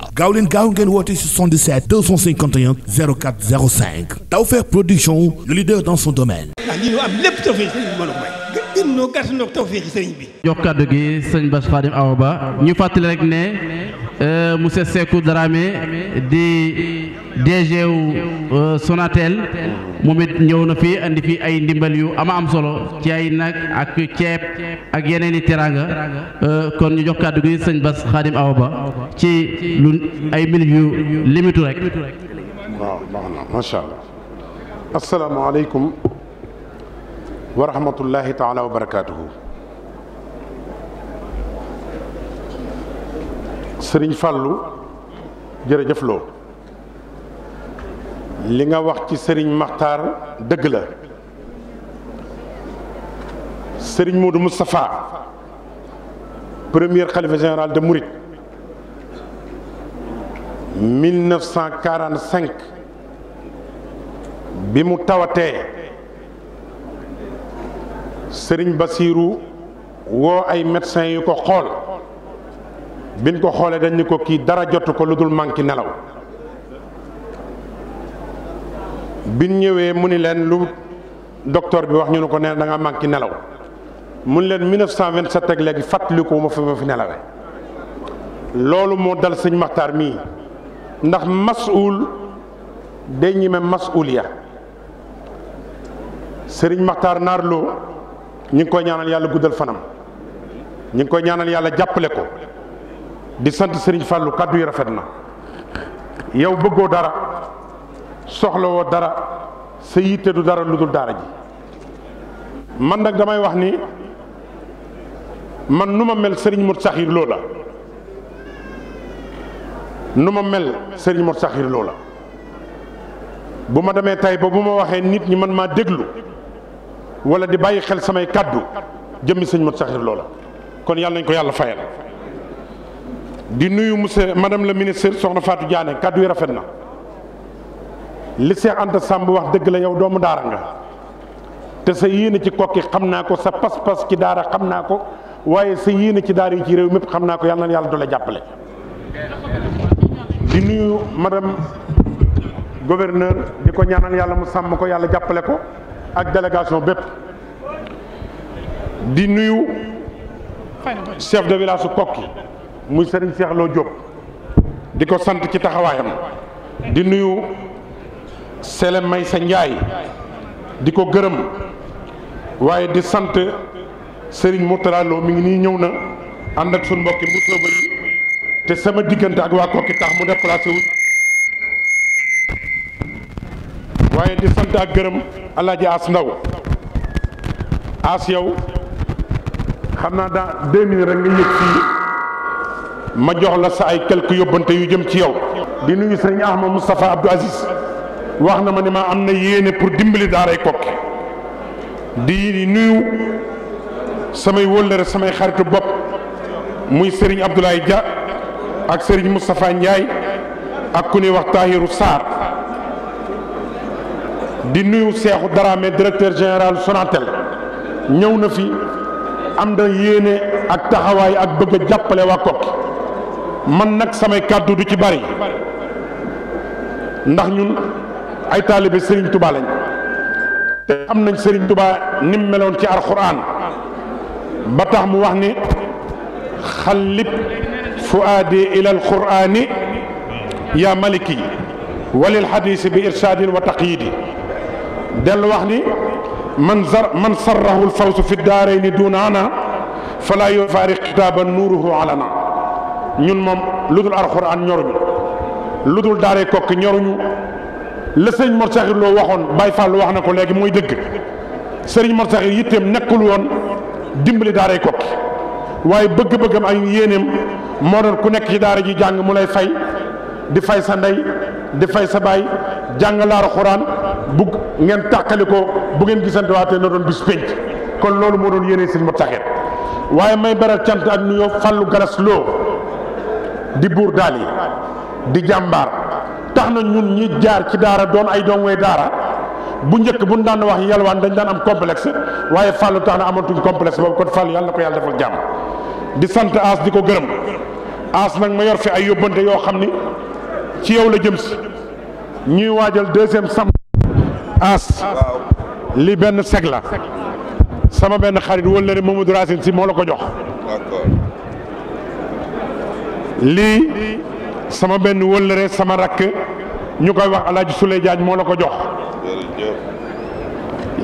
waaw gaaw leen gaaw ngeen woote 77 251 04 05 Tawfekh Production le leader dans son domaine. Ah, gën jox kàddu gi sëñ Bass Khadim Awa Ba ñu fàttali rek ne euh, monsieur Sékou Dramé di DG wu euh, Sonatel ñëw na fi indi fi ay ndimbal yu ama am solo ci ay nag ak ceeb ak yeneeni teraanga euh, kon ñu jox kàddu gi sëñ Bass Khadim Awa Ba ci lu ay minutes yu limitu rek. wa rahmatullahi taala wa barakaatuhu sëriñ fàllu jërëjëf loo li nga wax ci sëriñ maxtaar dëgg la sëriñ Modou Moustapha premier xalifa général de Mouride 1945 bi mu tawatee sëriñ Basiiru woo ay médecins yu ko xool biñ ko xoolee dañ ni ko kii dara jotu ko lu dul manqué nelaw biñ ñëwee mu ni leen lu docteur bi wax ñu ne ko nee da nga manqué nelaw mu ni leen 1927 ak léegi fàttaliku ma fi ma fi nelawee loolu moo dal sëñ Maxtaar mii ndax masuul day ñime masuuliya sëriñ Maxtaar naar loo ñu ngi koy ñaanal yàlla guddal fanam ñu ngi koy ñaanal yàlla jàppale ko di sant Serigne Fallou kàddu yi rafet na yow bëggoo dara soxlawoo dara sa yitte du dara lu dul daara ji man nag damay wax ni man nu ma mel sëriñ Mout Saxir loo la nu ma mel sëriñ Mout Saxir loo la bu ma demee tey ba bu ma waxee nit ñi man maa déglu. wala di bàyyi xel samay kàddu jëmmi sëñ Mat Saxir loola kon yàlla nañ ko yàlla fayal di nuyu monsieur madame la ministre soxna Fatou Diané kàddu yi rafet na li Cheikh Anta Samb wax dëgg la yow doomu daara nga te sa yéena ci kokki xam naa ko sa pas-pas ci daara xam naa ko waaye sa yéene ci daar yi ci réew mépp xam naa ko yàlla na yàlla jàppale di nuyu madame gouverneur di ko ñaanal yàlla mu sàmm ko yàlla jàppale ko ak délégation bépp di nuyu chef de village su Kokki muy Serigne Cheikh Lo di ko sant ci taxawaayam di nuyu Sele May sa Njaay di ko gërëm waaye di sant Serigne Mourtala Lo mi ngi nii ñëw na ànd ak suñu mbokki mu ba yi te sama diggante ak waa Kokki tax mu déplacé wu. waaye di sant ak gërëm alaaji as ndaw as yow xam naa daa deux minutes rek nga yëg fii ma jox la sa ay quelques yóbbante yu jëm ci yow bi nuyu sëriñ Ahmad Moustapha Abdou Aziz wax na ma ne ma am na yéene pour dimbali daaray Koki di nuyu samay wóllëre samay xaritu bopp muy sëriñ Abdoulaye Dia ak sëriñ Moustapha Ndiaye ak ku ñuy wax Tahiru Sarr di nuyu Cheikhou Dramé directeur général Sonatel ñëw na fi am na yéene ak taxawaay ak bëgg jàppale waa Koki man nag samay kàddu du ci bari ndax ñun ay taalibe Serigne Touba lañ te am nañ sëriñ tubaa nim meloon ci alxuraan ba tax mu wax ni xallib fuaadi ila alquraani yaa maliki walil xadiisi bi irsaadin wa taqyidi dellu wax ni man zar man sarrahu alfawsu fi daarayni duuna ana fala yufaariq kitaaba nuuruhu alana ñun moom lu dul alxuraan ñoruñu lu dul daaray kokki ñoruñu la sëñ Mor Saxir loo waxoon Baye Fall wax na ko léegi mooy dëgg sëriñ Mor Saxir yitteem nekkul woon dimbali daaray kokki waaye bëgg-bëggam ay yéeneem moo doon ku nekk ci daara ji jàng mu lay fay di fay sa ndey di fay sa baay jàngal alxuraan bu ngeen tàqali ko bu ngeen gisante waatee na doon bis kon loolu moo doon yéene sëñ ma taxet waaye may beral cant ak nuyoo fàllu galas loo di buur daal yi di jàmbaar tax na ñun ñi jaar ci daara doon ay doom way daara bu njëkk bu ñu daan wax yalwaan dañ daan am complexe waaye fàllu tax na amatuñ complexe boobu kon fàllu yàlla na ko yàlla defal jàmm di sant as di ko gërëm as nag ma yor fi ay yóbbante yoo xam ni ci yow la jëm si ñuy waajal sam as li benn seg la sama benn xarit wëllëre Mamadou Racine si moo la ko jox lii sama benn wëllëre sama rakk ñu koy wax El Hadj Souley moo la ko jox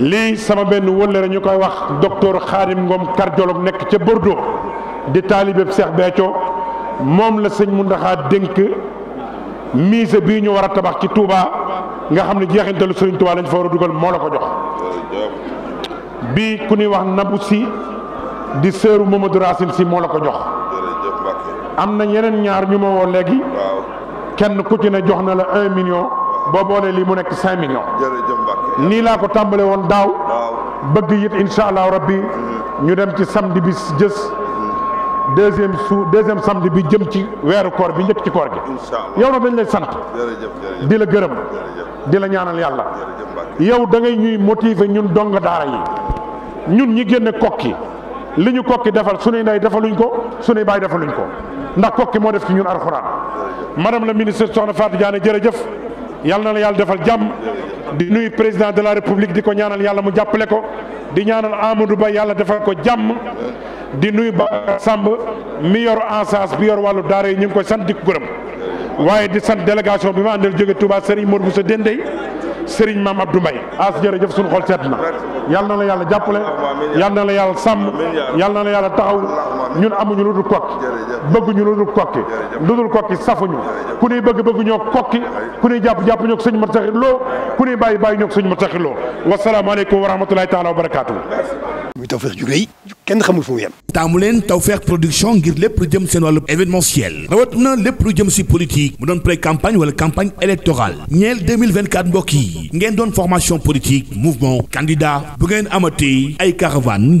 lii sama benn wëllëre ñu koy wax docteur Khadim Ngom cardiologue nekk ca Bordeaux di taalibe Cheikh Béthio moom la sëñ Mountakha dénk mise bii ñu war tabax ci Touba. nga xam ne jeexintalu Serigne Touba lañ fa war a dugal moo la ko jox bi ku ñuy wax nabu si di seeru Mamadou Racine si moo la ko jox am na yeneen ñaar ñu ma woo léegi kenn ku ci jox na la un million boo boolee lii mu nekk cinq millions nii laa ko tàmbale woon daaw bëgg it incha allah rabbi mm-hmm. ñu dem ci samedi bi jës deuxième su deuxième samedi bi jëm ci weeru koor bi njëkk ci koor gi yow nag dañ lay sant di la gërëm di la ñaanal yàlla yow da ngay ñuy motiver ñun dong daara yi ñun ñi génne kokki li ñu kokki defal su suñuy ndey defaluñ ko suñuy baay defaluñ ko ndax kokki moo def ci ñun alxuraan madame la ministre soxna Fatou Diané jëf yal na la yàlla defal jàmm di nuyu président de la république di ko ñaanal yàlla mu jàppale ko di ñaanal Amadou Ba yàlla defal ko jàmm di nuyu Babacar Samb mi yor ansas bi yor wàllu daara yi ñu ngi koy sant di ko gërëm waaye di sant délégation bi ma àndal jóge Touba Serigne sa Boussa Dendey Serigne Mame du mbay as jërëjëf suñu xol seet na yal na la yàlla jàppale yal na la yàlla sàmm yal na la yàlla taxaw ñun amuñu lu dul kokki bëgguñu lu dul kokki lu kokki safuñu ku nuy bëgg bëgg ñoo kokki ku nuy jàpp jàpp ñoo sëñ Mataxir Lo ku nuy bàyyi bàyyi ñoo sëñ Mataxir Lo wasalaamaaleykum wa rahmatulahi taala wa barakaatu. muy tawfeex kenn xamul taamu leen Tawfekh production ngir lépp lu jëm seen wàllu événementiel rawat na lépp lu jëm si politique mu doon pré campagne wala campagne électorale ñeel 2024 ngeen doon formation politique mouvement candidat bu ngeen amatee ay caravane